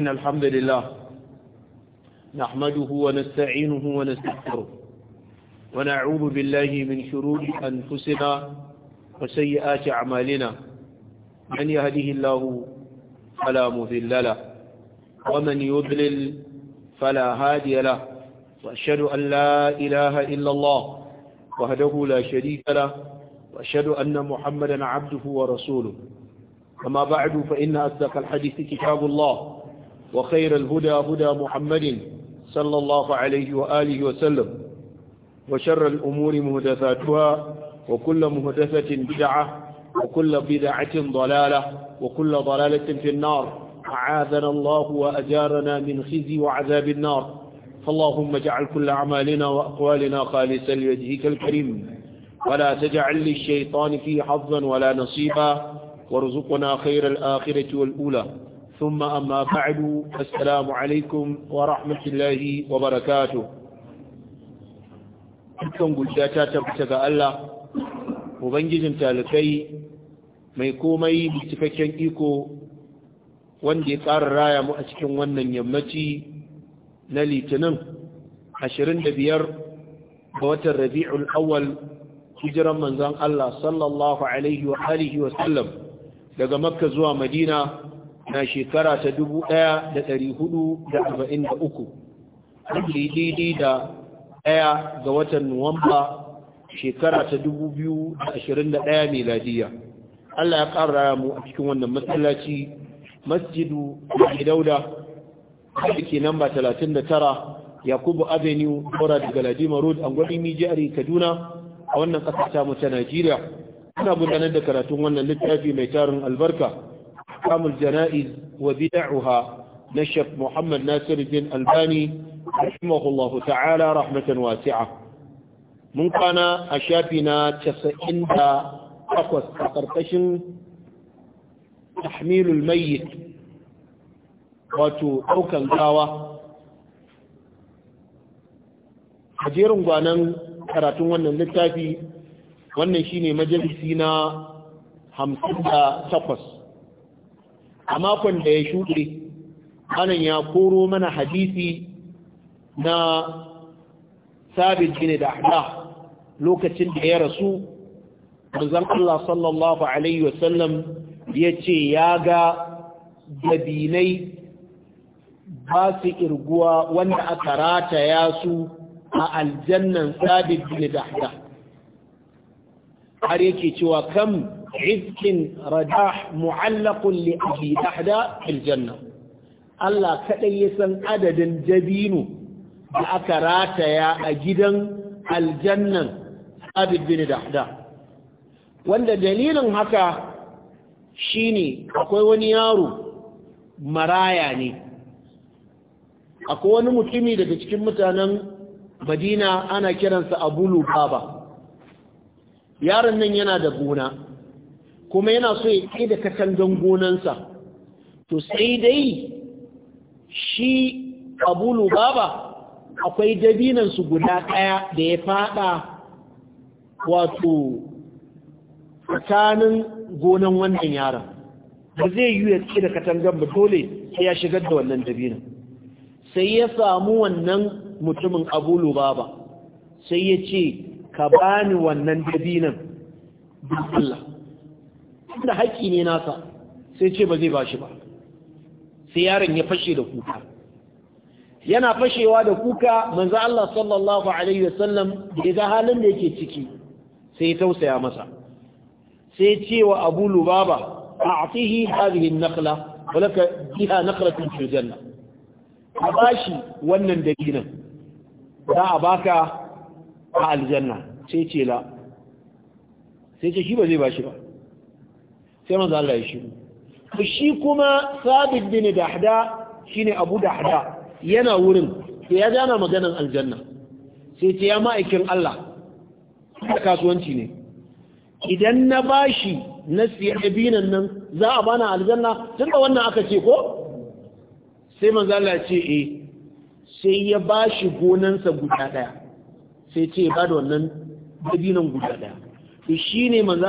إن الحمد لله نحمده ونستعينه ونستغفره ونعوذ بالله من شرور أنفسنا وسيئات أعمالنا من يهده الله فلا مذل له ومن يضلل فلا هادي له وأشهد أن لا إله إلا الله وهده لا شريك له وأشهد أن محمدا عبده ورسوله أما بعد فإن أصدق الحديث كتاب الله وخير الهدى هدى محمد صلى الله عليه وآله وسلم وشر الأمور مهدثاتها وكل مهدثة بدعة وكل بدعة ضلالة وكل ضلالة في النار أعاذنا الله وأجارنا من خزي وعذاب النار فاللهم اجعل كل أعمالنا وأقوالنا خالصا لوجهك الكريم ولا تجعل للشيطان فيه حظا ولا نصيبا وارزقنا خير الآخرة والأولى ثم أما بعد السلام wa ورحمة الله وبركاته dukkan guda ta tabbata ga Allah ubangijin talakai mai komai cikakken iko wanda ya ƙara raya mu a cikin wannan yammaci na litinin 25 ga watan rabi'ul awwal hijiran manzon Allah sallallahu daga makka zuwa madina na shekara ta da 1443 daidai da ɗaya ga watan nuwamba shekara ta 2021 meladiya Allah ya ƙara mu a cikin wannan matsalaci masjidu da dauda da ke namba tara, yakubu avenue kora daga ladima road an gwani kaduna a wannan ƙasa ta mu ta najeriya ana gudanar da karatun wannan littafi mai tarin albarka أحكام الجنائز وبدعها نشف محمد ناصر الدين الباني رحمه الله تعالى رحمة واسعة من كان أشافنا تسعين أقوى تقرتشن تحميل الميت wato ɗaukan gawa a jerin gwanan karatun wannan littafi wannan shine majalisi na hamsin da takwas a makon da ya shuɗe anan ya koro mana hadisi na sabit da ahda lokacin da ya rasu ɗanzan Allah sallallahu alaihi wasallam ya ce ya ga dabinai ba su irguwa wanda aka ya su a aljannan sabit da ahda. har yake cewa kam Iskin, radah mu'allaqun li abi dahda fil janna Allah kadai ya san adadin dabinu da aka rataya a gidan aljannan abid bin dahda wanda dalilin haka shine akwai wani yaro maraya ne akwai wani mutumi daga cikin mutanen madina ana kiransa abu lubaba yaron nan yana da gona kuma yana so ya tsaye da katangan gonansa to sai dai shi abulu baba akwai dabinansu guda ɗaya da ya fada wato tsakanin gonan wannan yaron ba zai yi ya tsaye da katangan ba dole sai ya shigar da wannan dabinan sai ya samu wannan mutumin abulu baba sai ya ce ka bani wannan dabinan Allah da haƙƙi ne nasa sai ce ba zai ba shi ba sai yaron ya fashe da kuka yana fashewa da kuka manzo Allah sallallahu alaihi wasallam ya ga halin da yake ciki sai ya tausaya masa sai ce wa Abu Lubaba a'tihi hadhihi an-nakhla walaka biha nakhlatun fil janna a bashi wannan dabinan za a baka a aljanna sai ce la sai ce shi ba zai bashi ba sai manzo Allah ya shiru shi kuma sabit bin dahda shine abu dahda yana wurin sai ya gana maganan aljanna sai ce ya ma'aikin Allah da kasuwanci ne idan na bashi na siya abinan nan za a bana aljanna tun da wannan aka ce ko sai manzo Allah ya ce eh sai ya bashi gonansa guda daya sai ce ba da wannan abinan guda daya to shine manzo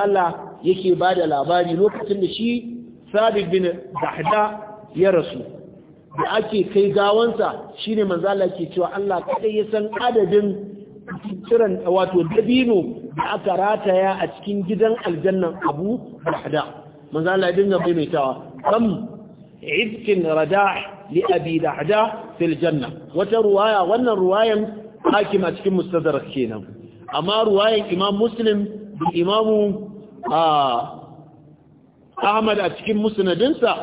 yake ba da labari lokacin da shi sabi bin Dahda ya rasu da ake kai gawansa shine manzo ke yake cewa Allah kaɗai ya san adadin kiran wato dabino da aka rataya a cikin gidan aljannan Abu Dahda manzo Allah ya dinga maimaitawa kam idkin radah لأبي دعداء wata ruwaya wannan وانا رواية حاكمة كم مستدرك kenan amma رواية إمام مسلم imamu ahmad a cikin musnadinsa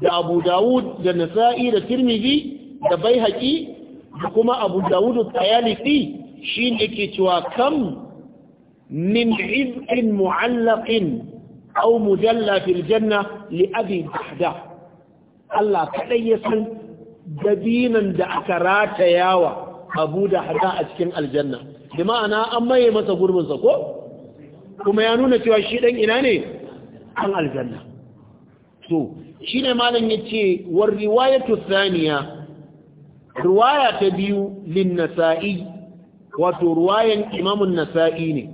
da abu dawud da nasa'i da tirmidhi da baihaqi da kuma abu dawud at shi shine yake cewa kam min izin mu'allaqin janna li abi da Allah kaɗai ya san dabinan da aka ratayawa abu Hada a cikin aljanna bi ma'ana an maye masa gurbinsa ko kuma ya nuna cewa shi ɗan ina ne an aljanna to shi ne malam ya ce war riwaya saniya riwaya ta biyu lin nasa'i wato riwayan imamun nasa'i ne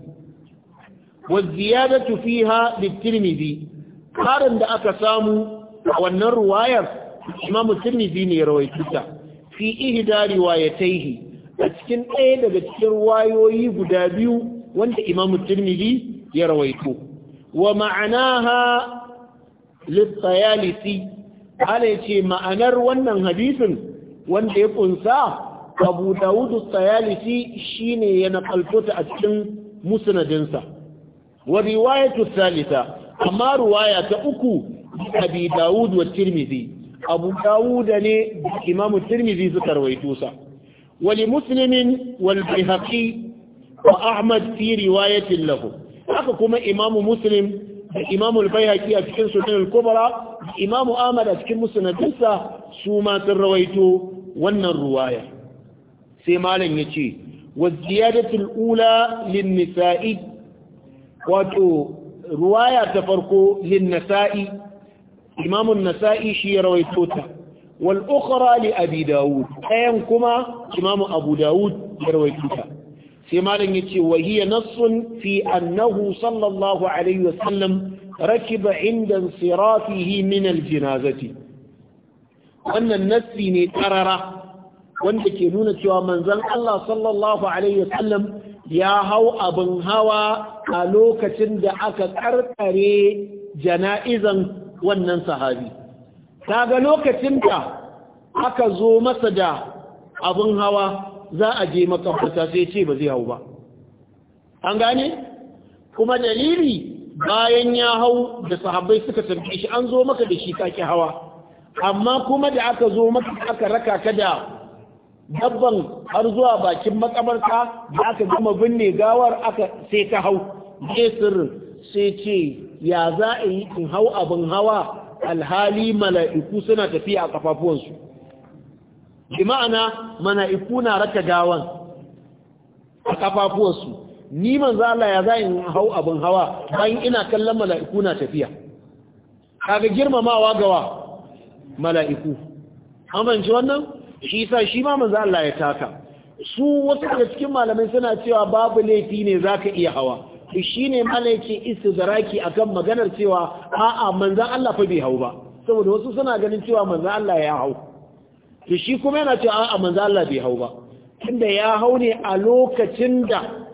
wa ziyadatu fiha litirmidhi karin da aka samu a wannan riwayar imamu tirmidhi ne ya rawaito fi ihda riwayatayhi a cikin ɗaya daga cikin riwayoyi guda biyu wanda imamu tirmidi ya rawaito wa ma'anaha litsayalisi ala ce ma'anar wannan hadisin wanda ya kunsa abu dawudu tsayalisi shine ya nakaltota a cikin musnadinsa wa riwayatu salisa amma riwaya ta uku abi dawud wa tirmidhi abu dawud ne imamu tirmidhi suka rawaito sa wa li muslimin wal bihaqi wa ahmad fi riwayatin lahu haka kuma imamu muslim da imamu albayhaqi a cikin sunan al-kubra imamu ahmad a cikin musnadinsa su ma sun rawaito wannan ruwaya sai malam yace wa ziyadatu ula lin-nisa'i wato ruwaya ta farko lin-nasa'i imamu an shi ya rawaito ta wal ukhra li abi daud ayan kuma imamu abu daud ya rawaito ta sai malam yace wa hiya nassun fi annahu sallallahu alaihi sallam rakiba inda sirafihi min aljinazati wannan nassi ne tarara wanda ke nuna cewa manzon Allah sallallahu alaihi sallam ya hau abin hawa a lokacin da aka karkare jana'izan wannan sahabi kaga lokacin da aka zo masa da abin hawa za a je makabarta sai ce ba zai hau ba an gane kuma dalili bayan ya hau da sahabbai suka tambaye shi an zo maka da shi kake hawa amma kuma da aka zo maka aka raka ka da dabban har zuwa bakin makabarta da aka gama binne gawar aka sai ka hau ne sirrin sai ce ya za a yi in hau abin hawa alhali mala'iku suna tafiya a kafafuwansu bi ma'ana mala'iku na raka gawan a kafafuwarsu ni manzo Allah ya za hau abin hawa bayan ina kallon mala'iku na tafiya kaga girmamawa gawa mala'iku amince wannan shi sa shi ma manzo Allah ya taka su wasu daga cikin malamai suna cewa babu laifi ne zaka iya hawa shi ne malaiki zaraki akan maganar cewa a'a manzan Allah fa bai hau ba saboda wasu suna ganin cewa manzo Allah ya hau to shi kuma yana cewa a manzo Allah bai hau ba tunda ya hau ne a lokacin da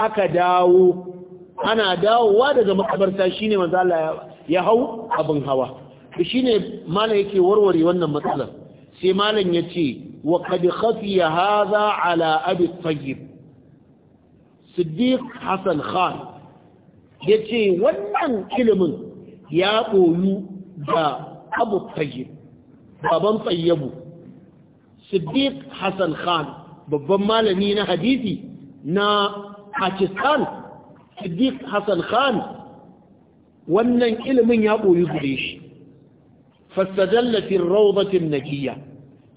aka dawo ana dawowa daga makabarta shine manzo Allah ya hau abin hawa to shine malam yake warware wannan matsalar sai malam yace wa qad khafiya hadha ala abi tayyib siddiq hasan khan yace wannan ilimin ya koyu da abu tayyib baban tayyibu siddiq hassan khan babban malami na hadisi na pakistan siddiq hassan khan wannan ilimin ya ɓoyi gure shi fasadallatin raudatin najiya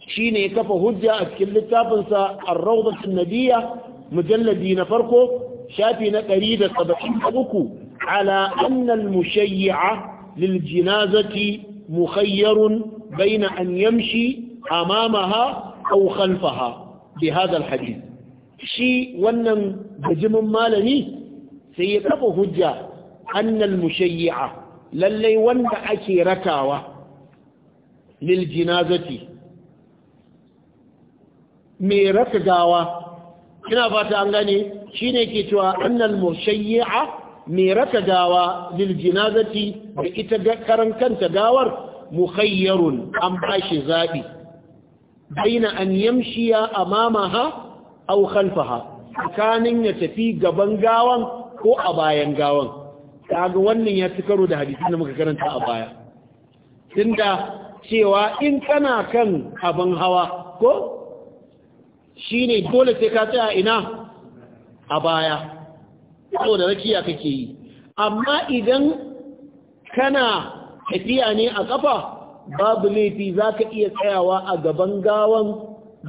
shi ne kafa hujja a cikin littafinsa a raudatin najiya mujalladi na farko shafi na ɗari da saba'in uku ala annal mushayya lil jinazati mukhayyarun baina an yamshi amamaha aw khalfaha bi hadal alhadith shi wannan bajimin malami sai ya kafa hujja annal mushayyi'a lallai wanda ake ratawa, lil jinazati me raka gawa ina fata an gane shine ke cewa annal mushayyi'a me raka gawa lil jinazati da ita karan kanta gawar mukhayyarun an bashi zabi baina an yamshiya amamaha aw khalfaha tsakanin ya tafi gaban gawan ko a bayan gawan kaga wannan ya ci karo da hadisin na muka karanta a baya tunda cewa in kana kan abin hawa ko shine dole sai ka tsaya ina a baya saboda rakiya kake yi amma idan kana tafiya ne a ƙafa. babu laifi za ka iya tsayawa a gaban gawan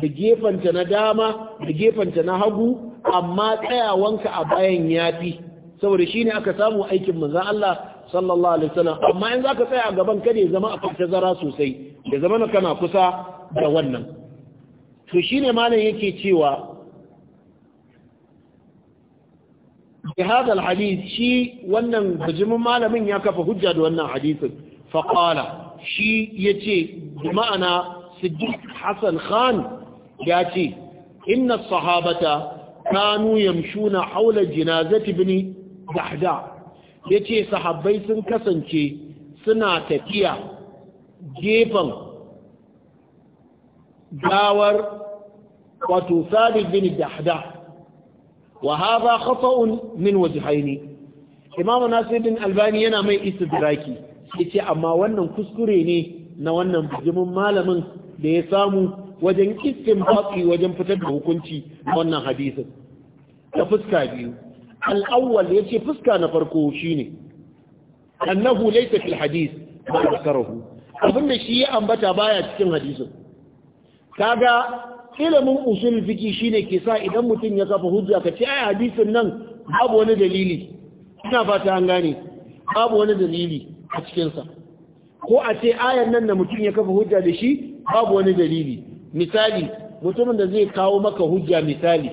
da gefanta na dama da gefanta na hagu amma tsayawanka a bayan yafi saboda shi ne aka samu aikin manzan Allah sallallahu alaihi wasallam amma in za ka tsaya a gaban ka ne zama a zara sosai da zama na kana kusa da wannan to shi ne malam yake cewa al الحديث shi wannan bijimin malamin ya kafa hujja da wannan hadisin faqala shi ya ce ma'ana siddiq hassan khan ya ce inna sahabata kanu yamshuna haula jinazati ibn dahda yace sahabbai sun kasance suna tafiya gefen gawar wato sabit bin dahda wa hadha khata'un min wajhayn imam nasir bin albani yana mai istidraki yace amma wannan kuskure ne na wannan bijimin malamin da ya samu wajen baki wajen fitar da hukunci wannan hadisin ta fuska biyu al'awwal ya ce fuska na farko shi ne. annahu laysa fil ba a karahu abinda shi ya ambata baya cikin hadisin kaga ilimin usul fiki shine ke sa idan mutum ya kafa hujja ka ce ai hadisin nan babu wani dalili ina fata an gane babu wani dalili a cikinsa ko a ce ayan nan da mutum ya kafa hujja da shi babu wani dalili misali mutumin da zai kawo maka hujja misali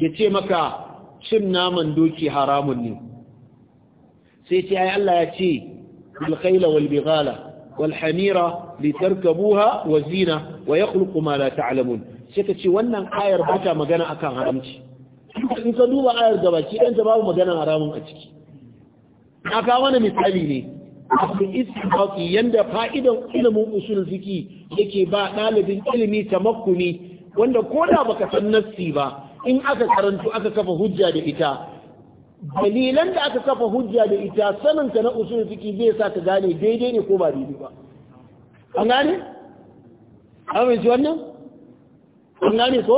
ya ce maka cin naman doki haramun ne sai ce ai Allah ya ce bilkhaila wal bighala wal hamira litarkabuha wa zina wa yakhluqu ma la ta'lamun sai ka ce wannan ayar ba ta magana akan haramci in ka duba ayar gabaki ɗan ta babu magana haramun a ciki aka kawo mana misali ne abu istinbati yanda fa'idan ilimin usul fiki yake ba ɗalibin ilimi tamakkuni wanda ko da baka san nassi ba in aka karantu aka kafa hujja da ita dalilan da aka kafa hujja da ita saninka na usul fiki zai sa ka gane daidai ne ko ba daidai ba an gane amince wannan an gane ko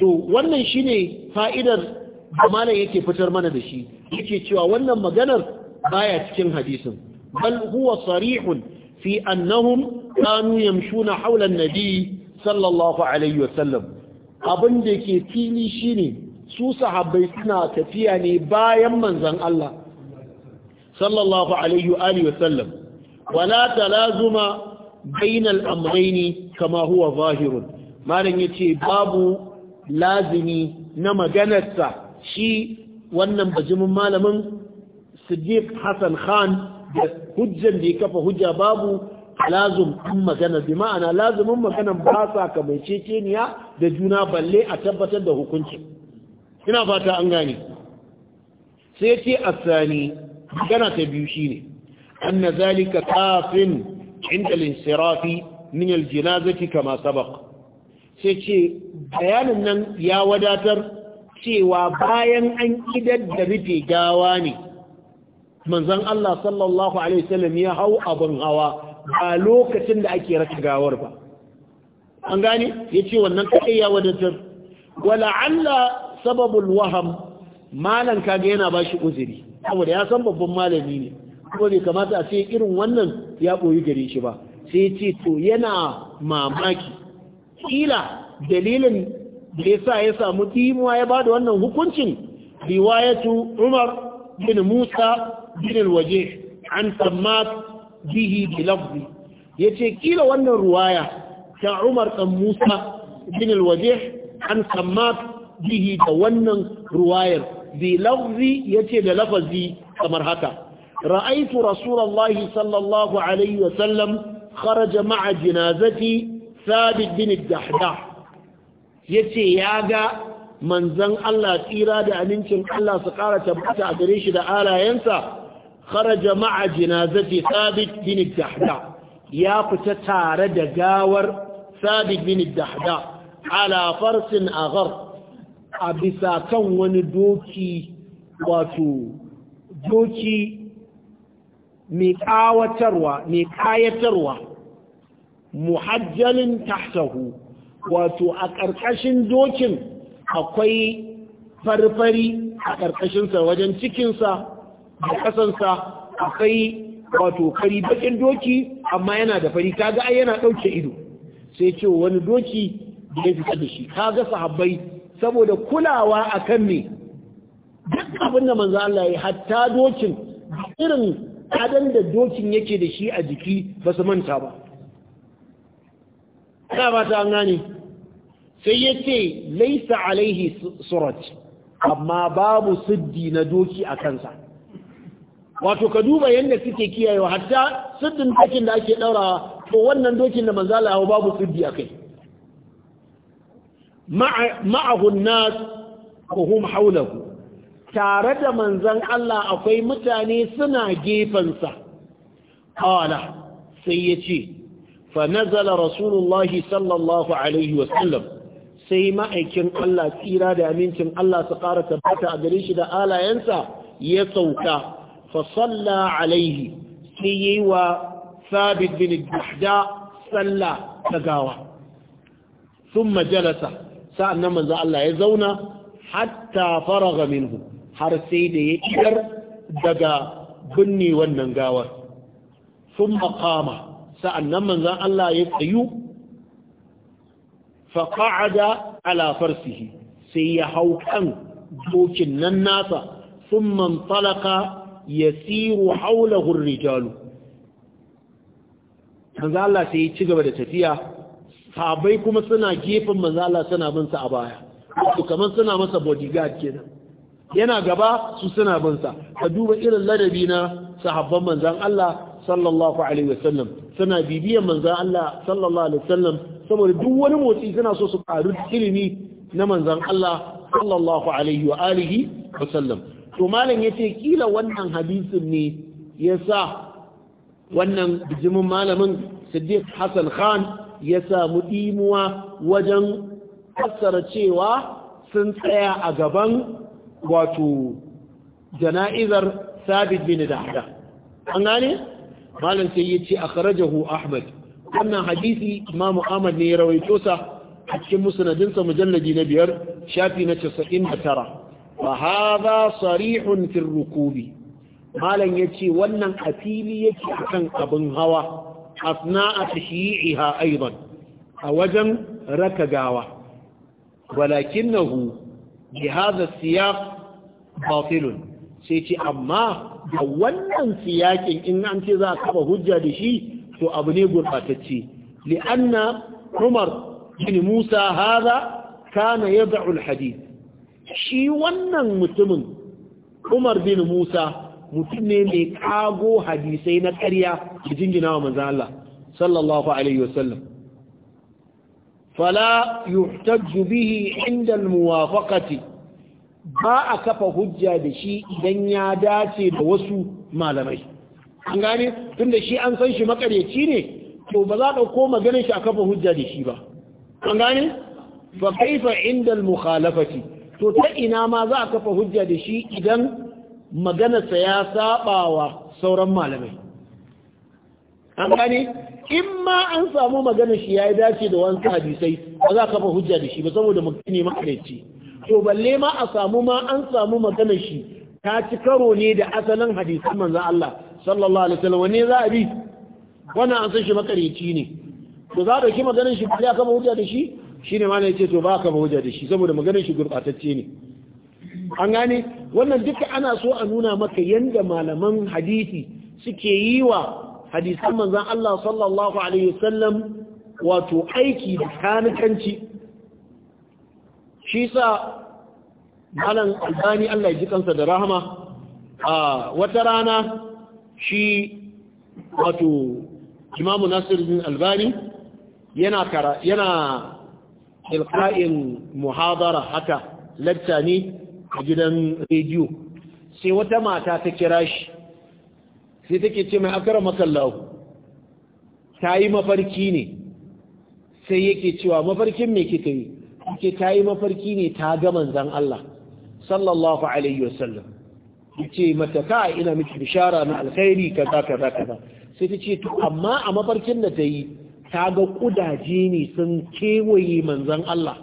to wannan shine fa'idar da malam yake fitar mana da shi yake cewa wannan maganar baya cikin hadisin بل هو صريح في أنهم كانوا يمشون حول النبي صلى الله عليه وسلم ke fili shi ne. su sahabbai suna tafiya ne bayan manzan Allah sallallahu alaihi wa alihi wasallam wala talazuma bainal amraini kama huwa zahirun malam yace babu lazimi na maganarsa shi wannan bajimin malamin Siddiq Hassan Khan da hujjan da ya kafa hujja babu lazumin magana bi ma'ana lazumin maganan ba sa kamaiceceniya da juna balle a tabbatar da hukunci ina fata an gane sai ce a asani magana ta biyu shi ne. shine na zalika kafin inda linsirafi min aljinazati kama sabak sai ce bayanin nan ya wadatar cewa bayan an idar da rufe gawa ne Manzan Allah sallallahu alaihi wasallam ya hau abin hawa ba lokacin da ake raka gawar ba an gane ce wannan kaɗai ya wadatar wala Allah sababul waham malan kaga yana bashi uzuri saboda ya san babban malami ne kuma bai kamata a ce irin wannan ya boyi gare shi ba sai ce to yana mamaki kila dalilin da yasa ya samu timuwa ya ba da wannan hukuncin riwayatu Umar bin Musa bin waje an sammat bihi bi lafzi yace kila wannan ruwaya ta Umar dan Musa bin waje an sammat bihi da wannan ruwayar bi lafzi yace da lafazi kamar haka رأيت رسول الله صلى الله عليه وسلم خرج مع جنازتي ثابت بن yace ya ga manzon Allah tsira da amincin Allah su ƙara tabbata a gare shi da alayensa kharaja ma'a jinazati Thabit bin Dahda ya fita tare da gawar Thabit bin Dahda ala farsin aghar a bisa kan wani doki wato doki mai kawatarwa muhajjalin tahtahu wato a ƙarƙashin dokin akwai farfari a ƙarƙashinsa wajen cikinsa da kasansa akwai wato fari bakin doki amma yana da fari kaga ai yana dauke ido sai ce wani doki da ya fita da shi kaga sahabbai saboda kulawa akan me duk abin da manzo Allah ya hatta dokin irin adan da dokin yake da shi a jiki ba su manta ba ta ba ta gane sai ya ce laisa alaihi surat amma babu siddi na doki a kansa wato ka duba yadda suke kiyayewa hatta siddin dokin da ake ɗaurawa to wannan dokin da manzala ya babu siddi a kai ma'ahun nas kuhum haulahu tare da manzan Allah akwai mutane suna gefensa kala sai ya ce fa nazala rasulullahi sallallahu alaihi wasallam sai ma'aikin Allah tsira da amincin Allah su ƙara tabbata a gare shi da alayensa ya sauka fasalla alaihi sai yi wa sabit bin Sallah salla ta gawa sun majalasa sa'an nan manzan Allah ya zauna hatta faraga minhu har sai da ya ƙiyar daga binne wannan gawar sun makama sa'an nan manzan Allah ya sayu faƙa'ada ala farsihi sai ya hau kan dokin nan nasa sun man talaka yasiru haulahu rijalu manzo Allah sai ya ci gaba da tafiya sahabbai kuma suna gefen manzo Allah suna bin sa a baya Su kaman suna masa bodyguard kenan yana gaba su suna bin sa ka duba irin ladabi na sahabban manzon Allah sallallahu alaihi wasallam suna bibiyan manzon Allah sallallahu alaihi wasallam saboda duk wani motsi suna so su karu ilimi na manzon Allah sallallahu alaihi wa alihi wasallam to malam ya ce kila wannan hadisin ne ya sa wannan bijimin malamin siddiq hassan khan ya samu ɗimuwa wajen fassara cewa sun tsaya a gaban wato jana'izar sabit bin dahda an gane malam sai ya ce akhrajahu ahmad wannan hadisi imamu ahmad ne ya rawaito sa a cikin musnadinsa mujalladi na biyar shafi na 99 wa hadha sarihun fi rukubi malan yace wannan afili yake akan abin hawa asna'a tashyi'iha aidan a wajen rakagawa walakinahu bi hadha siyaq batilun sai ce amma da wannan siyakin in an ce za a kafa hujja da shi to abu ne gurbatacce li'anna umar bin musa hadha kana yad'u al-hadith shi wannan mutumin Umar bin Musa mutum ne mai kago hadisai na ƙarya da jingina wa manzan Allah sallallahu alaihi wasallam fala yuhtajju bihi inda almuwafaqati ba a kafa hujja da shi idan ya dace da wasu malamai an gane tunda shi an san shi makaryaci ne to ba za ka koma ganin shi a kafa hujja da shi ba an gane fa kaifa inda almukhalafati to ta ina ma za a kafa hujja da shi idan maganarsa ya wa sauran malamai an gane in ma an samu maganar shi ya yi dace da wani hadisai ba za a kafa hujja da shi ba saboda magana makareci to balle ma a samu ma an samu maganar shi ta ci karo ne da asalin hadisan manzan Allah sallallahu alaihi wasallam Wani za a bi wannan an san shi makareci ne to za a dauki maganar shi ba za a kafa hujja da shi shine ma ne ce to ba ka ba da shi saboda maganin shi gurbatacce ne an gane wannan duka ana so a nuna maka yanda malaman hadisi suke yi wa hadisan manzon Allah sallallahu alaihi wasallam wato aiki da kanikanci shi sa malam albani Allah ya ji kansa da rahama a wata rana shi wato imamu nasiruddin albani yana ilka'in muhadara haka latta ne a gidan rediyo sai wata mata ta kira shi sai take ce mai akara makallahu ta yi mafarki ne sai yake cewa mafarkin me kika yi ke ta yi mafarki ne ta ga manzan Allah sallallahu alaihi wasallam ce mata ka ina miki bishara na alkhairi kaza kaza kaza sai ta ce to amma a mafarkin da ta yi ta ga kudaje ne sun kewaye manzan Allah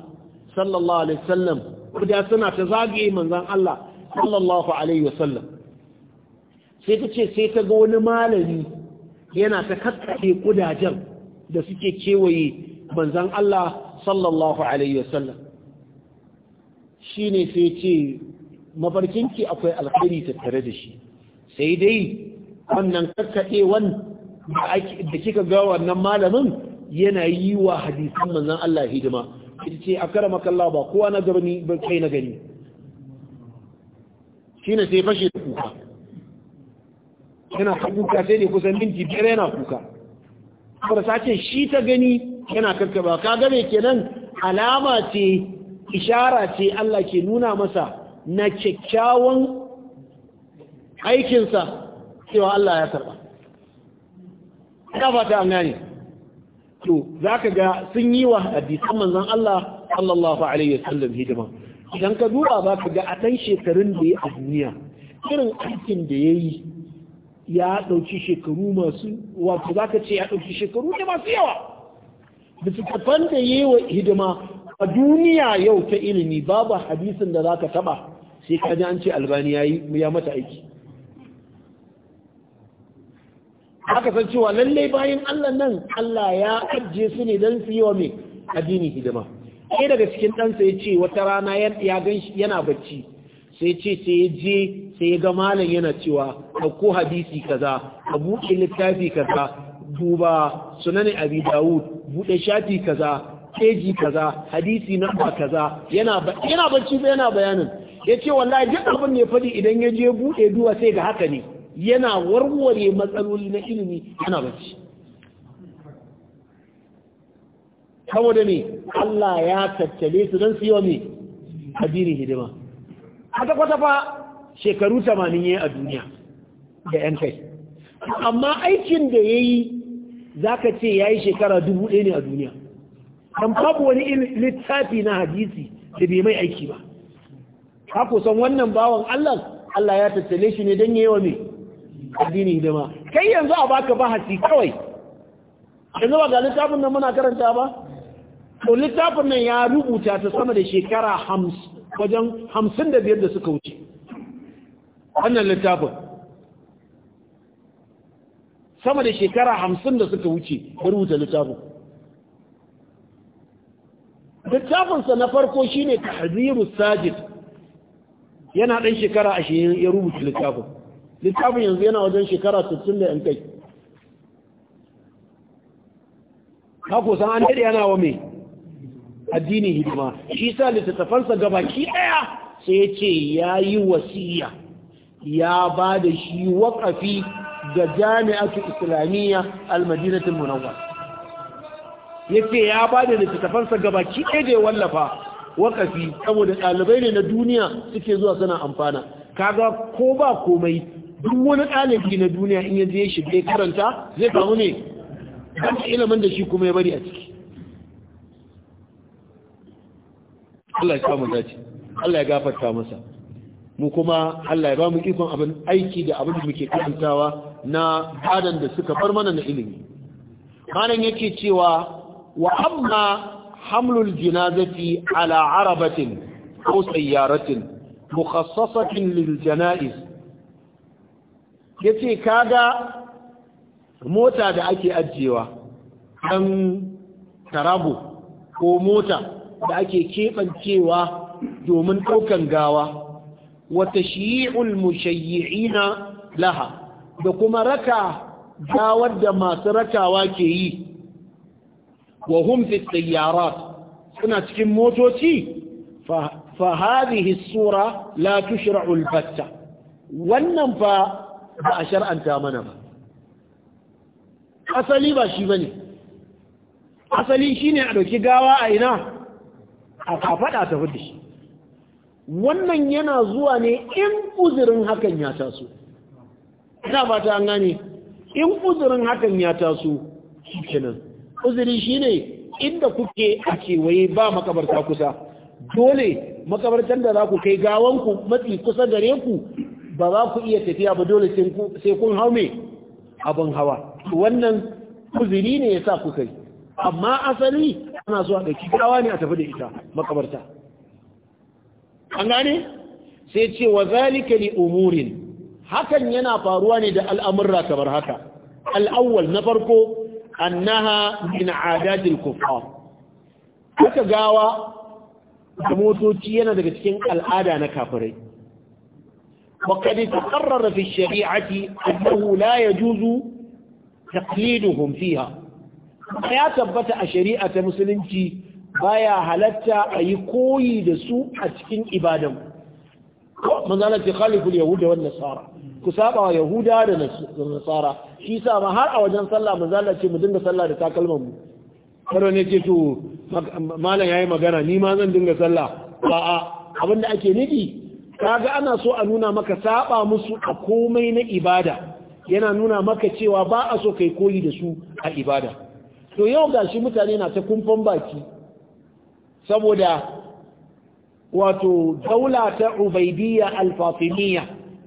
sallallahu alaihi wasallam kuda suna ta zagaye manzan Allah sallallahu alaihi wasallam sai ta ce sai ta ga wani malami yana ta kakkake kudajen da suke kewaye manzan Allah sallallahu alaihi wasallam shine sai ce mafarkinki akwai alkhairi tattare da shi sai dai wannan wani. da kika ga wannan malamin yana yi wa hadisan manzon Allah hidima ita ce akramaka Allah ba kowa na gani ba kai na gani shine sai fashe kuka yana kuka sai ne kusan minti biyar yana kuka kuma ce shi ta gani yana karkaba ka gane kenan alama ce ishara ce Allah ke nuna masa na kyakkyawan aikinsa cewa Allah ya karba ina an to zaka ga sun yi wa hadisan manzon Allah sallallahu alaihi wasallam hidima idan ka duba zaka ga a dan shekarun da ya a duniya irin aikin da ya yi ya dauki shekaru masu wato zaka ce ya dauki shekaru ne masu yawa littattafan da ya yi wa hidima a duniya yau ta ilimi babu hadisin da zaka ka taɓa sai ka ji an ce albani ya mata aiki aka san cewa lallai bayan Allah nan Allah ya ajiye su ne don su yi wa mai addini hidima sai daga cikin ɗansa ya ce wata rana ya gan shi yana bacci sai ce sai ya je sai ya ga malam yana cewa ɗauko hadisi kaza ka buɗe littafi kaza duba sunanin abi dawud buɗe shafi kaza keji kaza hadisi na kaza yana bacci yana bayanin ya ce wallahi duk abin ne ya faɗi idan ya je buɗe duwa sai ga haka ne yana warware matsaloli na ilimi yana bacci saboda ne Allah ya tattale su don siyo ne wa mai hidima a ta kwata fa shekaru 80 ya a duniya da 'yan kai amma aikin da ya yi za ka ce ya yi shekara dubu ɗaya ne a duniya kan babu wani littafi na hadisi da bai mai aiki ba ka kusan wannan bawan Allah Allah ya tattale shi ne don yi wa mai addini ma kai yanzu a baka bahasi kawai yanzu ba ga littafin nan muna karanta ba to littafin nan ya rubuta ta sama da shekara wajen hamsin da biyar da suka wuce wannan littafin sama da shekara hamsin da suka wuce ya rubuta littafin littafinsa na farko shine tahziru sajid yana ɗan shekara ashirin ya rubuta littafin littafin yanzu yana wajen shekara 60 da yan kai hako san an daɗe yana wa mai addini hidima shi sa littattafansa gabaki ɗaya sai ya ce ya yi wasiya ya ba da shi waƙafi ga jami'atu islamiyya almadinatul munawwar ya ce ya ba da littattafansa gabaki ɗaya da ya wallafa waƙafi saboda ɗalibai ne na duniya suke zuwa suna amfana kaga ko ba komai duk wani ɗalibi na duniya in yanzu ya shiga ya karanta zai samu ne kan ilimin da shi kuma ya bari a ciki Allah ya kama zaci Allah ya gafarta masa mu kuma Allah ya ba mu ikon abin aiki da abin da muke karantawa na gadan da suka bar mana na ilimi malam yake cewa wa amma hamlul jinazati ala arabatin ko sayyaratin mukhassasatin lil janaiz ya ce kaga mota da ake ajiyewa ɗan tarabo ko mota da ake keɓancewa domin ɗaukan gawa wata shi'ul mushayyi'ina laha da kuma raka gawar da masu rakawa ke yi wa hum fi suna cikin motoci fa hadhihi sura la tushra'u al wannan fa ba a shar'anta mana ba asali ba shi bane asali shine a dauki gawa a ina a kafada ta fita shi wannan yana zuwa ne in uzurin hakan ya taso ina ba ta gane in uzurin hakan ya taso kenan uzuri shine inda kuke a kewaye ba makabarta kusa dole makabartar da za ku kai gawanku matsi kusa gare ku ba za ku iya tafiya ba dole sai kun hau mai abin hawa wannan kuzuri ne ya sa ku kai amma asali ana zuwa da kikawa ne a tafi da ita makabarta an gane sai ce wa zalika li umurin hakan yana faruwa ne da al'amurra kamar haka al'awwal na farko annaha min adatil kuffar haka gawa da motoci yana daga cikin al'ada na kafirai وقد تقرر في الشريعة أنه لا يجوز تقليدهم فيها ya tabbata a shari'a ta musulunci baya halatta a yi koyi da su a cikin ibadan manzana ce khaliful yahuda wa nasara ku saba wa da nasara shi sa ma har a wajen sallah manzana ce mu dinga sallah da takalman mu karo ne to malam yi magana ni ma zan dinga sallah ba a abinda ake nufi kaga ana so a nuna maka saba musu a komai na ibada yana nuna maka cewa ba a so kai koyi da su a ibada to yau gashi mutane na ta kumfan baki saboda wato daula ta ubaidiyya al-fatimiyya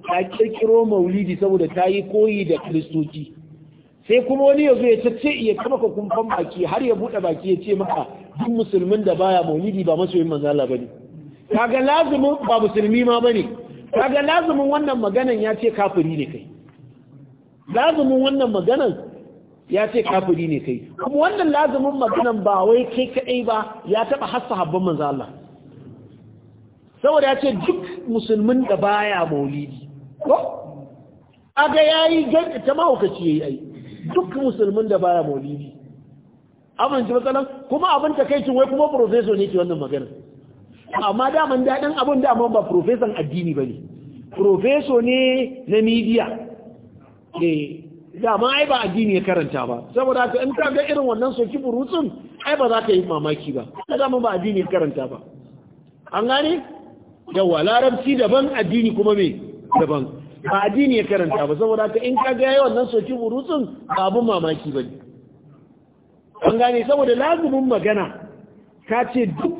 ta kirkiro maulidi saboda ta yi koyi da kristoci sai kuma wani ya zo ya ce ya kama ka kumfan baki har ya buɗe baki ya ce maka duk musulmin da baya maulidi ba masoyin manzala bane kaga lazumin ba musulmi ma bane kaga lazumin wannan maganan ya ce kafiri ne kai lazumin wannan maganan ya ce kafiri ne kai kuma wannan lazumin maganan ba wai kai kadai ba ya taba hassa habban manzo Allah saboda ya ce duk musulmin da baya maulidi ko aga yayi gani ta mahaukaci yayi ai duk musulmin da baya maulidi amince matsalan kuma abin takaicin wai kuma professor ne ke wannan maganar amma daman daɗin abin daman ba profesan addini ba ne profeso ne na media ne eh, dama ai ba addini ya karanta ba saboda ka in ka ga irin wannan soki burutsun ai ba za ka yi mamaki ba ka dama ba addini ya karanta ba an gane yawa larabci daban addini kuma me daban ba addini ya karanta ba saboda ka in ka ga yayi wannan soki burutsun ba abin mamaki ba an gane saboda lazumin magana ka ce duk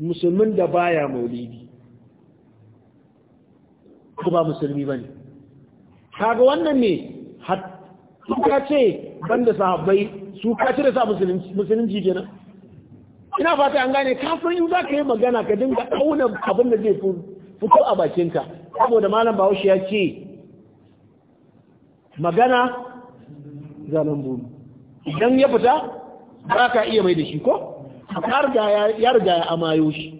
musulmin da baya maulidi ko ba musulmi bane kaga wannan ne su ka ce banda sahabbai su ka ce cire sa musulunci kenan ina fata an gane kafin in za ka yi magana ka dinga auna abin da zai fito a bakinka saboda malam bahaushe ya ce magana zanen idan ya fita ba ka iya mai da shi ko ya riga ya amayo shi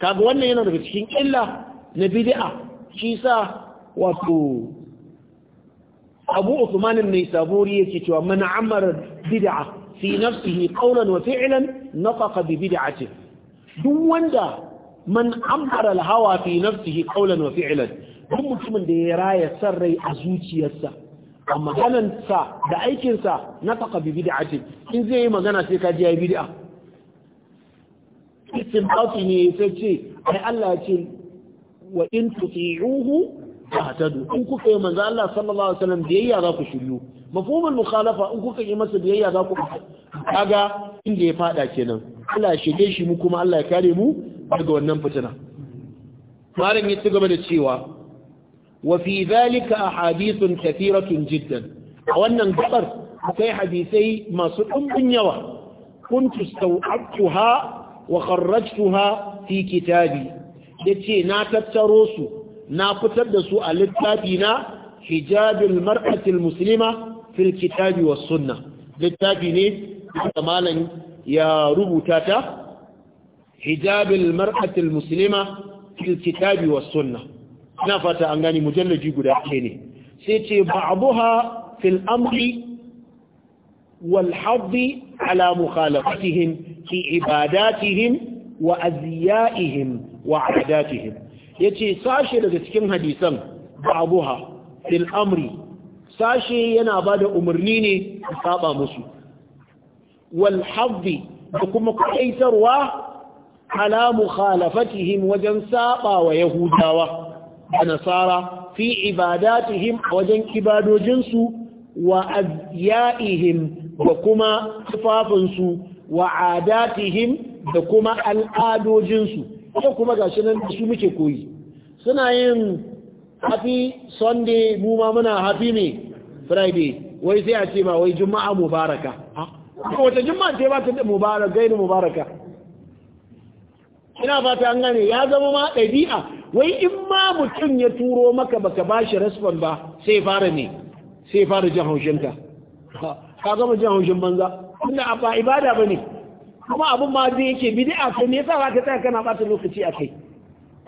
kaga wannan yana daga cikin illa na bid'a shi sa wato abu usmanin mai saburi yake cewa man amara bid'a fi nafsihi qawlan wa fi'lan nafaqa bi bid'ati duk wanda man amara al-hawa fi nafsihi qawlan wa fi'lan duk mutumin da ya raya san rai a zuciyarsa a maganansa da aikinsa nafaqa bi bid'ati in zai yi magana sai ka ji ya bid'a istinbati ne sai ce ai Allah ya ce wa in tuti'uhu tahtadu in kuka yi manzo Allah sallallahu alaihi wasallam biyayya za ku shiryu mafhumul mukhalafa in kuka yi masa biyayya za ku kaga inda ya fada kenan Allah ya shige shi mu kuma Allah ya kare mu daga wannan fitina malam ya ci gaba da cewa wa fi dhalika ahadithun kathiratun jiddan a wannan gabar akwai hadisai masu dumbin yawa kuntu stau'abtuha wa kharrajtuha fi kitabi yace na tattaro su na fitar da su a littafi na hijabul mar'atil muslima fil kitabi was sunna littafi ne da malam ya rubuta ta hijabul mar'atil muslima fil kitabi was sunna ina fata an gani mujallaji guda ɗaya ne sai ce ba'daha fil amri wal haddi ala mukhalafatihin fi ibadatihim wa aziyaihim wa adatihim yace sashe daga cikin hadisan babuha fil amri sashe yana bada umarni ne saba musu wal da kuma kaitarwa ala mukhalafatihim wajen saba wa yahudawa da nasara fi ibadatihim wajen kibadojinsu wa azya'ihim da kuma tufafinsu wa adatihim da kuma al'adojinsu ko kuma gashi nan su muke koyi suna yin happy sunday mu ma muna happy ne friday wai sai a ce ma wai juma'a mubaraka ah, wata juma'a ce ba ta da mubaraka gaini mubaraka ina fata an gane ya zama ma ɗabi'a wai in ma mutum ya turo maka baka ba shi respon ba sai fara ne sai fara jan haushinka ka gama jan haushin banza tunda ba ibada bane kuma abun ma zai yake bid'a to me yasa zaka tsaya kana bata lokaci akai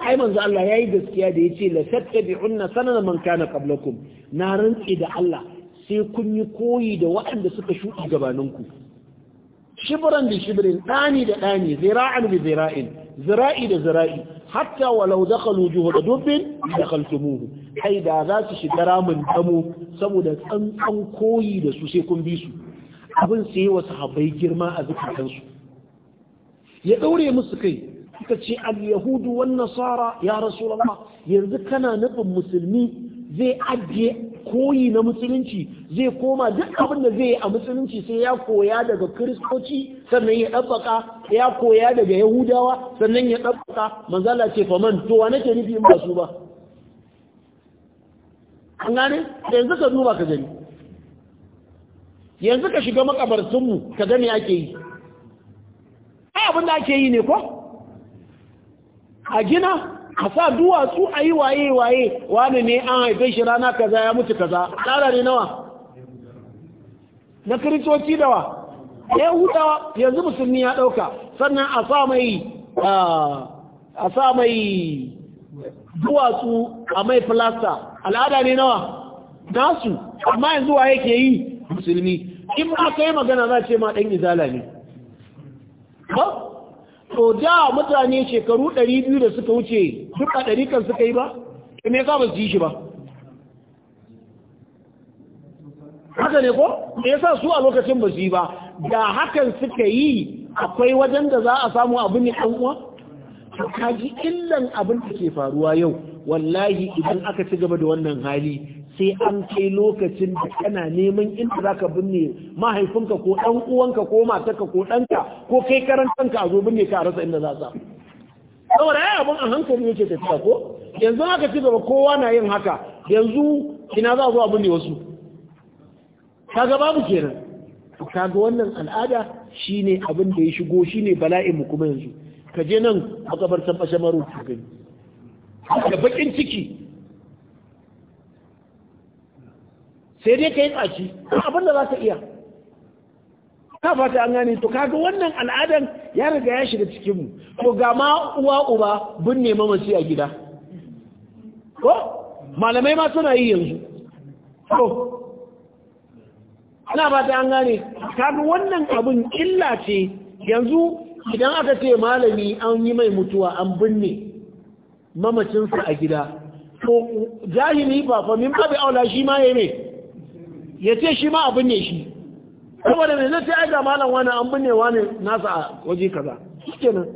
ai manzo Allah yayi gaskiya da yace la tattabi'unna sanana man kana qablakum na rantsi da Allah sai kun yi koyi da waɗanda suka shuɗi gabaninku shibran da shibrin ɗani da ɗani zira'an da zira'in zira'i da zira'i hatta walau dakhalu juhud dubbin dakhaltumuhu kai da za su shiga ramin damo saboda tsantsan koyi da su sai kun bi su abin sai wa sahabbai girma a zukatansu ya daure musu kai suka ce al-yahudu wan nasara ya rasu rasulullah yanzu kana nufin musulmi zai ajiye koyi na musulunci zai koma duk abin da zai yi a musulunci sai ya koya daga kiristoci sannan ya ɗabbaka ya koya daga yahudawa sannan ya ɗabbaka manzala ce faman to wa nake nufi ba ba an gane da yanzu ka duba ka gani yanzu ka shiga makabartunmu ka gani ake yi ai abin da ake yi ne ko a gina a sa duwatsu a yi waye waye wani ne an haife shi rana kaza ya mutu kaza tsara ne nawa na kiristoci dawa ya hudawa yanzu musulmi ya ɗauka sannan a sa mai a sa mai duwatsu a mai filasta al'ada ne nawa nasu amma yanzu waye ke yi musulmi in akai yi magana za ce ma ɗan izala ne ba to da mutane shekaru 200 da suka wuce duk ɗarikan suka yi ba me yasa ba su yi shi ba haka ne ko me yasa su a lokacin ba su yi ba da hakan suka yi akwai wajen da za a samu abin ne ɗan uwa kaji illan abin da ke faruwa yau wallahi idan aka ci gaba da wannan hali sai an kai lokacin da kana neman inda za ka binne mahaifinka ko ɗan uwanka ko matarka ko ɗanka ko kai karantanka a zo binne ka a rasa inda za a sa saboda ya abin a hankali yake tafiya ko yanzu haka ci gaba kowa na yin haka yanzu ina za a zo a binne wasu Ka kaga babu kenan ka ga wannan al'ada Shi ne abin da ya shigo shi ne bala'in mu kuma yanzu ka je nan makabartan bashe maro ka gani da baƙin ciki sai dai ka yi tsaki abin da za ka iya ka fata an gane to kaga wannan al'adan ya riga ya shiga cikin mu to ga ma uwa uba binne mamaci a gida ko malamai ma suna yi yanzu to ana fata an gane kaga wannan abin illa ce yanzu idan aka ce malami an yi mai mutuwa an binne mamacinsa a gida to jahili ba fa min babu aula shi ma yayi mai. ya ce shi ma abin ne shi saboda mai zai ce malam wani an binne wani nasa a waje kaza shi kenan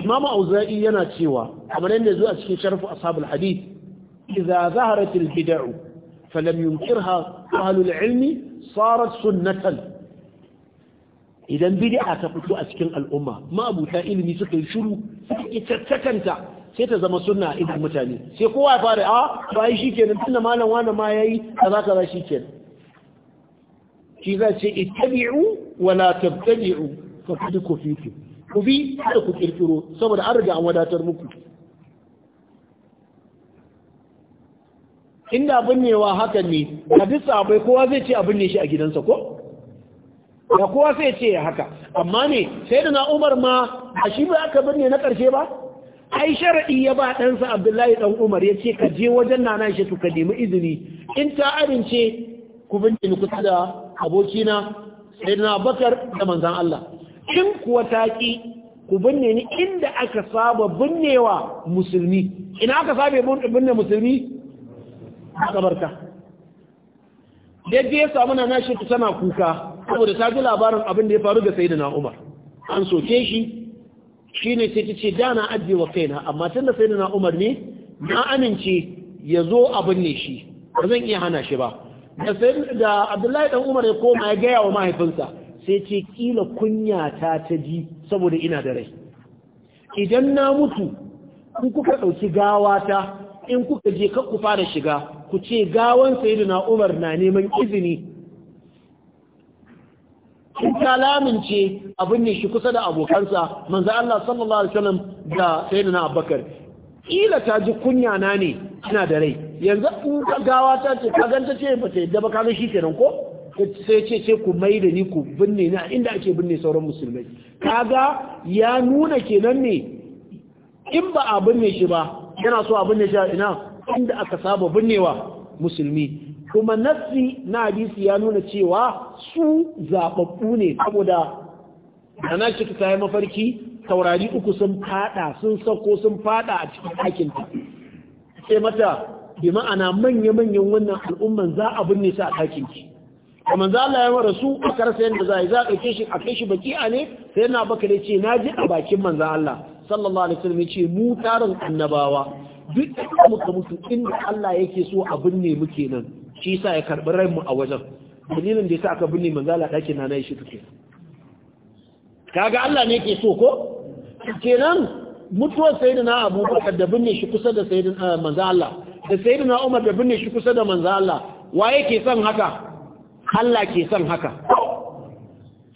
imam auza'i yana cewa kamar yadda zuwa cikin sharfu ashabul hadith idza zaharat al bid'u falam yunkirha ahlul ilmi sarat sunnatan idan bid'a ta fito a cikin al'umma ma'abuta ilimi suka yi shiru suka tattakanta sai ta zama sunna idan mutane sai kowa ya fara a ah, to ai kenan, tunda malam wani ma yayi kaza kaza za shi za ce ittabi'u wa la tabtadi'u fa qad kufitu ku bi kada ku kirkiro saboda an riga an wadatar muku inda binnewa hakan ne da duk sabai kowa zai ce a binne shi a gidansa ko da kowa sai ce haka amma ne sai da na umar ma a shi ba aka binne na ƙarshe ba ai sharaɗi ya ba ɗansa abdullahi ɗan umar ya ce ka je wajen nana shi ka nemi izini in ta amince ku binci ni kusa da abokina Sayyidina bakar da manzan Allah in kuwa ta ki ku binne ni inda aka saba binnewa musulmi ina aka saba binne musulmi a kabarta da ya samu nana shi tana kuka saboda ta ji labarin abin da ya faru da sayyidina Umar an soke shi ne sai ta ce dana ajiye wa kaina amma tun da sai na umar ne na amince ya zo abin ne shi ba zan iya hana shi ba da abdullahi dan umar ya koma ya gaya wa mahaifinsa sai ce kila kunya ta ta ji saboda ina da rai idan na mutu in kuka ɗauki gawata in kuka je kakku fara shiga ku ce gawan sayyidina umar na neman izini in ta lamince abin ne shi kusa da abokansa manzo Allah sallallahu alaihi wasallam da sayyidina Abubakar kila ta ji kunya na ne ina da rai yanzu in gawa ta ce ka ganta ce ba ta yadda ba shi kenan ko sai ce ce ku mai da ni ku binne na inda ake binne sauran musulmai kaga ya nuna kenan ne in ba a binne shi ba yana so a binne shi ina inda aka saba binnewa musulmi kuma nassi na hadisi ya nuna cewa su zababbu ne saboda ana cika ta yi mafarki taurari uku sun fada sun sauko sun fada a cikin ɗakin ta sai mata bi ma'ana manya-manyan wannan al'umman za a binne su a ɗakin ki kuma za Allah ya mara su a karsa yadda za a yi za a ɗauke shi a kai shi baki a ne sai na baka da ce na ji a bakin manza Allah sallallahu alaihi wasallam ce mu tarin annabawa duk inda muka mutu inda Allah yake so a binne muke nan. shi sa ya karɓi rai mu a wajen dalilin da ya sa aka binne manzala ɗakin na nayi shi tuke kaga Allah ne ke so ko kenan mutuwar sayyidina Abubakar da binne shi kusa da sayyidina eh, manzo Allah da sayyidina Umar da binne shi kusa da manzo Allah waye ke son haka Allah ke son haka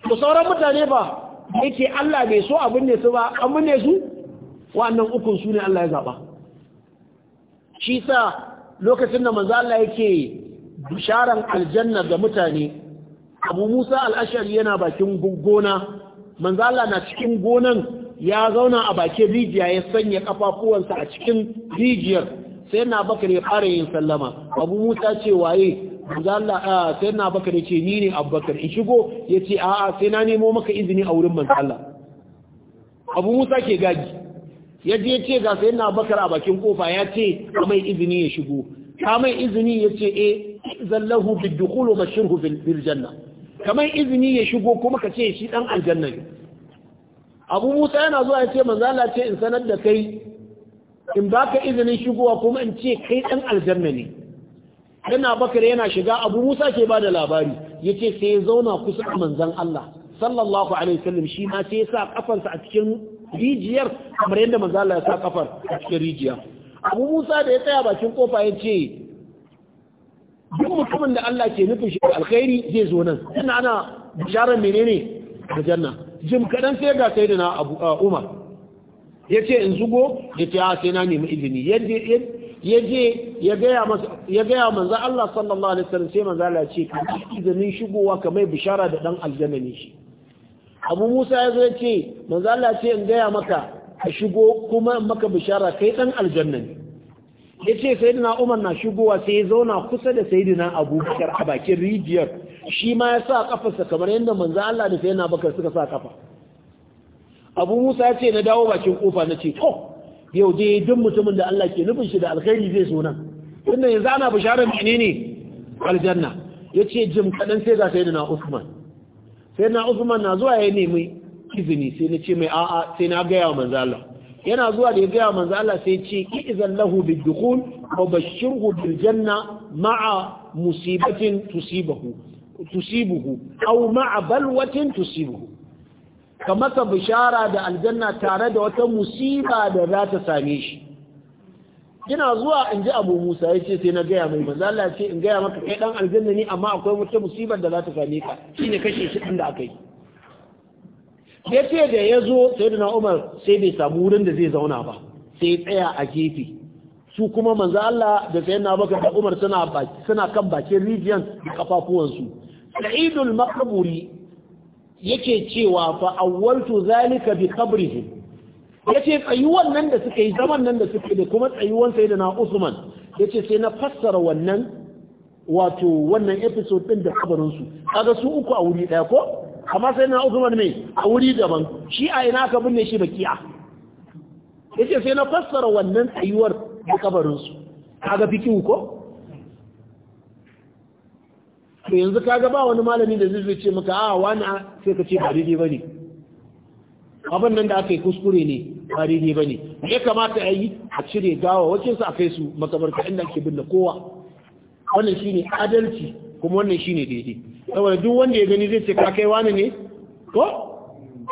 to sauran mutane ba yake Allah bai so abin ne su ba an binne su wannan ukun su ne Allah ya zaba shi sa lokacin da manzo Allah yake bisharan aljanna ga mutane abu musa al'ashari yana bakin gona manzo Allah na cikin gonan ya zauna a bakin rijiya ya sanya kafafuwansa a cikin rijiyar sai na bakar ya fara yin sallama abu musa ce waye manzo Allah ah, sai na bakar ce ni ne abubakar in shigo yace a'a sai na nemo maka izini a wurin manzo Allah abu musa ke gaji ya je ce ga sai na bakar a bakin kofa ya ce mai izini ya shigo ka mai izini ya ce eh izan lahu biddukhul wa bashirhu bil janna kamar izini ya shigo kuma ka ce shi dan aljanna ne Abu Musa yana zuwa ya ce manzo Allah ce in sanar da kai in baka izinin shigowa kuma in ce kai dan aljanna ne dan Abubakar yana shiga Abu Musa ke bada labari yace sai ya zauna kusa da manzon Allah sallallahu alaihi wasallam shi ma sai ya sa kafansa a cikin rijiyar kamar yadda manzo Allah ya sa kafar a cikin rijiya Abu Musa da ya tsaya bakin kofa ya ce duk mutumin da Allah ke nufin shi alkhairi zai zo nan ina ana bisharar menene da janna jim kadan sai ga sai na abu umar ya ce in zugo ya ce sai na nemi izini ya je ya gaya manzo Allah sallallahu alaihi wasallam sai manzo Allah ya ce izinin shigowa kamar bishara da dan aljanna ne shi abu musa ya zo ya ce manzo Allah ce in gaya maka ka shigo kuma maka bishara kai dan aljanna ne ya ce sayidina umar na shigowa sai ya zauna kusa da sayidina abubakar a bakin rijiyar shi ma ya sa kafarsa kamar yadda manzan Allah da sayidina bakar suka sa kafa abu musa ya ce na dawo bakin kofa na ce to yau dai duk mutumin da Allah ke nufin shi da alkhairi zai zo nan tunda yanzu ana bisharar menene aljanna ya ce jim kaɗan sai ga sayidina usman sayidina usman na zuwa ya nemi izini sai na ce mai a'a sai na gaya wa manzan Allah yana zuwa da ya gaya manzo Allah sai ce izan lahu dukhul wa bashirhu bil janna ma'a musibatin tusibahu tusibuhu aw ma'a balwatin tusibuhu ka bishara da aljanna tare da wata musiba da za ta same shi ina zuwa in ji abu musa ya ce sai na gaya mai manzo Allah ce in gaya maka kai dan aljanna ne amma akwai wata musibar da za ta same ka shine kashe shi ɗin da aka yi ya ce da ya zo sai da umar sai bai samu wurin da zai zauna ba sai tsaya a gefe su kuma manzo Allah da sai na baka da umar suna kan bakin rijiyan da kafafuwansu sa'idul maqburi yake cewa fa awwaltu zalika bi qabrihi yace tsayuwan nan da suka yi zaman nan da suka da kuma tsayuwan na Usman yace sai na fassara wannan wato wannan episode din da kabarin su kaga su uku a wuri daya ko kamar sai na Usman mai a wuri daban shi a ina ka binne shi bakiya yace sai na fassara wannan tsayuwar da kabarin su kaga fikihu ko to yanzu kaga ba wani malami da zai ce maka ah, a wani sai ka ce ba daidai bane abin nan da aka yi kuskure ne ba daidai bane ya kamata a yi a cire gawa wace su a kai su makabarta inda ake binne kowa wannan shine adalci kuma wannan shine daidai saboda duk wanda ya gani zai ce ka kai wani ne ko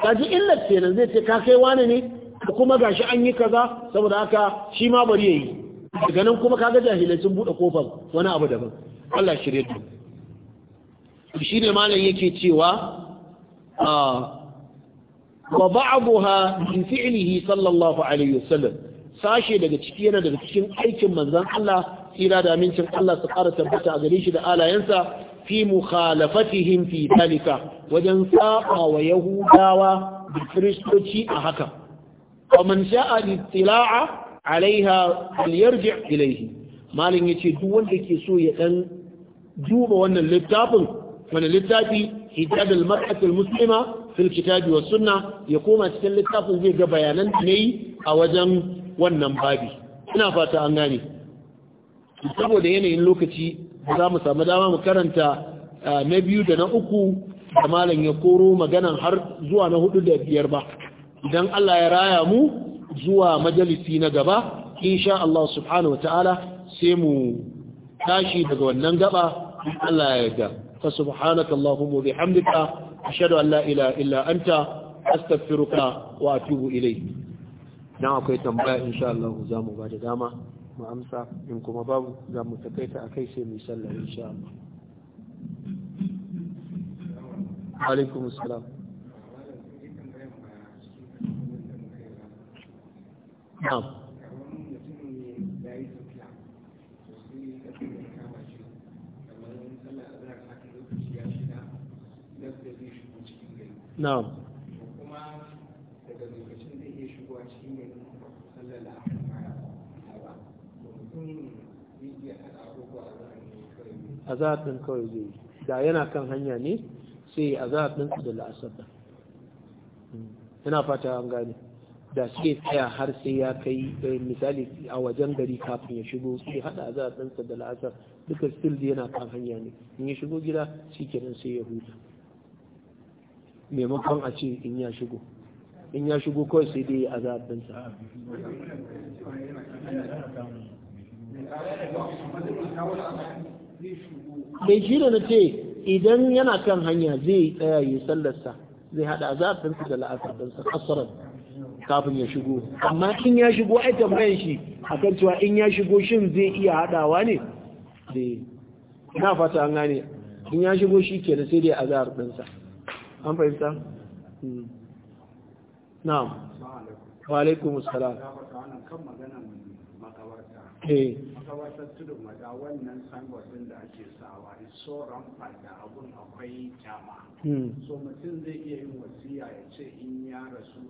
ka ji illar nan zai ce ka kai wani ne kuma gashi an yi kaza saboda haka shi ma bari yayi daga nan kuma kaga jahilai sun bude kofar wani abu daban Allah shirye ta shi ne malam yake cewa ah, wa ba'daha min fi'lihi sallallahu alaihi wasallam sashe daga ciki yana daga cikin aikin manzon Allah tsira da amincin Allah su fara tabbata a gare shi da alayensa fi mukhalafatihim fi talika wajen saba wa yahudawa da kristoci a haka kaman sha'a الاطلاع alaiha فليرجع ilaihi malin ya ce duk wanda ke so ya dan duba wannan littafin wani littafi hijab al-mar'at al-muslima fil kitabi was sunna ya koma cikin littafin zai ga bayanan da nayi a wajen wannan babi ina fata an gane saboda yanayin lokaci za mu samu dama mu karanta na biyu da na uku da malam ya koro maganan har zuwa na hudu da biyar ba idan Allah ya raya mu zuwa majalisi na gaba insha Allah subhanahu wataala sai mu tashi daga wannan gaba Allah ya yarda fa subhanaka allahumma bihamdika ashhadu an la ilaha illa anta astaghfiruka wa atubu ilayk na akwai tambaya insha Allah za mu ba da dama mu amsa in kuma babu za mu takaita a kai sai mu sallah insha Allah alaikum assalam na'am na'am a ɗin kawai zai yi da yana kan hanya ne sai yi a zaɓin su da la'asar da yana fata an gane da suke tsaya har sai ya kai eh, misali a wajen gari kafin ya shigo sai haɗa a zaɓin su da la'asar duka still yana kan hanya ne in ya shigo gida shi kenan sai ya huta maimakon a ce in ya shigo in ya shigo kawai sai dai a zaɓin sa Thank you. bai shi da na ce idan yana kan hanya zai tsaya yi sallarsa zai hada azafinsa da la'asafinsa asarar kafin ya shigo amma in ya shigo ai tambayan shi akan cewa in ya shigo shin zai iya hadawa ne da na fata an gane in ya shigo shi ke da sai dai azahar ɗinsa an fahimta? Hmm. na'am wa alaikum salam eh tabbatar wata tudun wannan sangwatin da ake sawa in so rampant da abun akwai kyama hmm. so mutum zai iya yin wasiya ya ce in ya rasu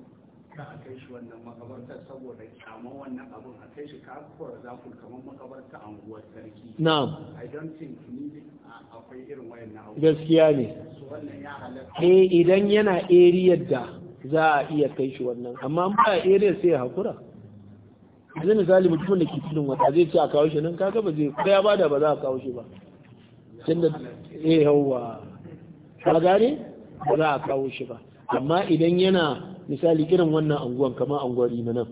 ka a kai shi wannan makabarta saboda kyama wannan abun a kai shi ka kuwa za ku kamar makabarta a nguwar sarki na i don't think ni akwai irin wayan na abu gaskiya ne wannan ya halatta eh idan yana eriyar da za a iya kai shi wannan amma ba eriyar sai ya hakura yanzu misali mutumin da ke tudun wata zai ce a kawo shi nan kaga ba zai Kuma ya bada ba za a kawo shi ba tunda ya eh, yawa ka gane ba za a kawo shi ba amma idan yana misali irin wannan anguwan kamar anguwari na nan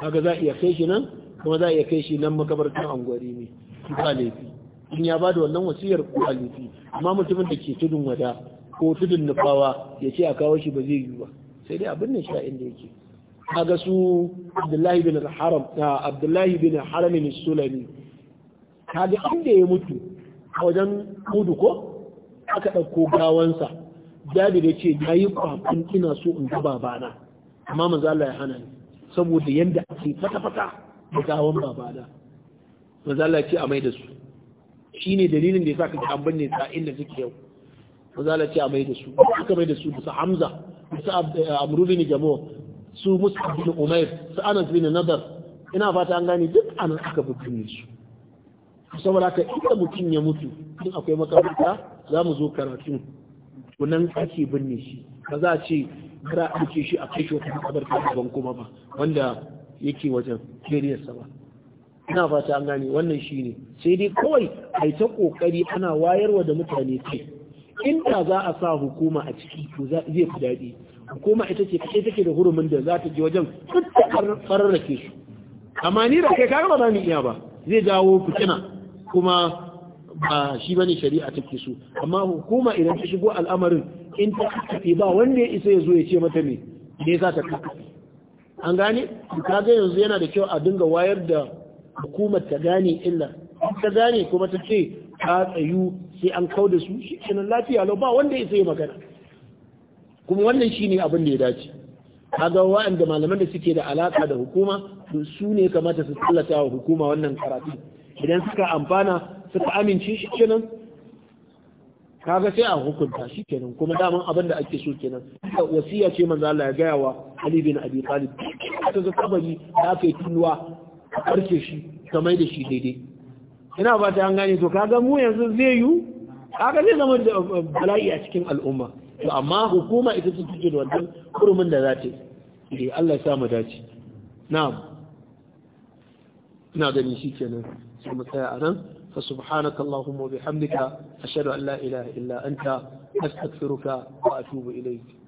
kaga za a iya kai shi nan kuma za a iya kai shi nan makabartan anguwari ne ba laifi in ya bada wannan wasiyar ko laifi amma mutumin da ke tudun wada ko tudun nufawa ya ce a kawo shi ba zai yi ba sai dai abin nan sha'in da yake kaga su abdullahi bin haram abdullahi bin haramin sulami kaga inda ya mutu a wajen hudu ko aka ɗauko gawansa jabi ya ce ya yi kwafin ina so in ga babana amma manzo Allah ya hana ni saboda yanda ake fata-fata da gawan babana manzo Allah ya ce a mai da su shine dalilin da sa ka an binne sa inda suke yau manzo Allah ya ce a mai da su aka mai da su da Hamza da Amru bin Jam'u. su musa bin umair su anas bin nadar ina fata an gane duk anan aka fi su saboda haka inda mutum ya mutu in akwai makabarta za mu zo karatu kunan ake binne shi ba za a ce kara shi a kai shi wata makabarta daban kuma ba wanda yake wajen keriyarsa ba ina fata an gane wannan shi ne sai dai kawai a ta ƙoƙari ana wayarwa da mutane kai inda za a sa hukuma a ciki to zai fi daɗi hukuma ita ce kai take da hurumin da za ta je wajen farar rake su amma ni da kai kaga ba za mu iya ba zai jawo fitina kuma ba shi bane shari'a take su amma hukuma idan ta shigo al'amarin in ta kafe ba wanda ya isa ya zo ya ce mata me ne za ta kafe an gane kaga yanzu yana da kyau a dinga wayar da hukumar ta gane illa ta gane kuma ta ce ta tsayu sai an kau da su shi kenan lafiya lau ba wanda ya isa ya magana kuma wannan shi ne abin da ya dace kaga wa'anda malaman da suke da alaka da hukuma su ne kamata su tallata wa hukuma wannan karatu idan suka amfana suka amince shi kenan kaga sai a hukunta shi kenan kuma daman abin da ake so kenan wasiya ce manzo Allah ya gaya wa Ali bin Abi Talib ta ga kabari da aka yi tunuwa shi ta mai da shi daidai ina ba ta an gane to kaga mu yanzu zai yi kaga zai zama da bala'i a cikin al'umma to amma hukuma ita ce take da wannan kurumin da za ta yi eh, Allah ya mu dace na'am ina gani shikenan sai mu tsaya a nan fa subhanaka allahumma wa bihamdika ashhadu an la ilaha illa anta astaghfiruka wa atubu ilayk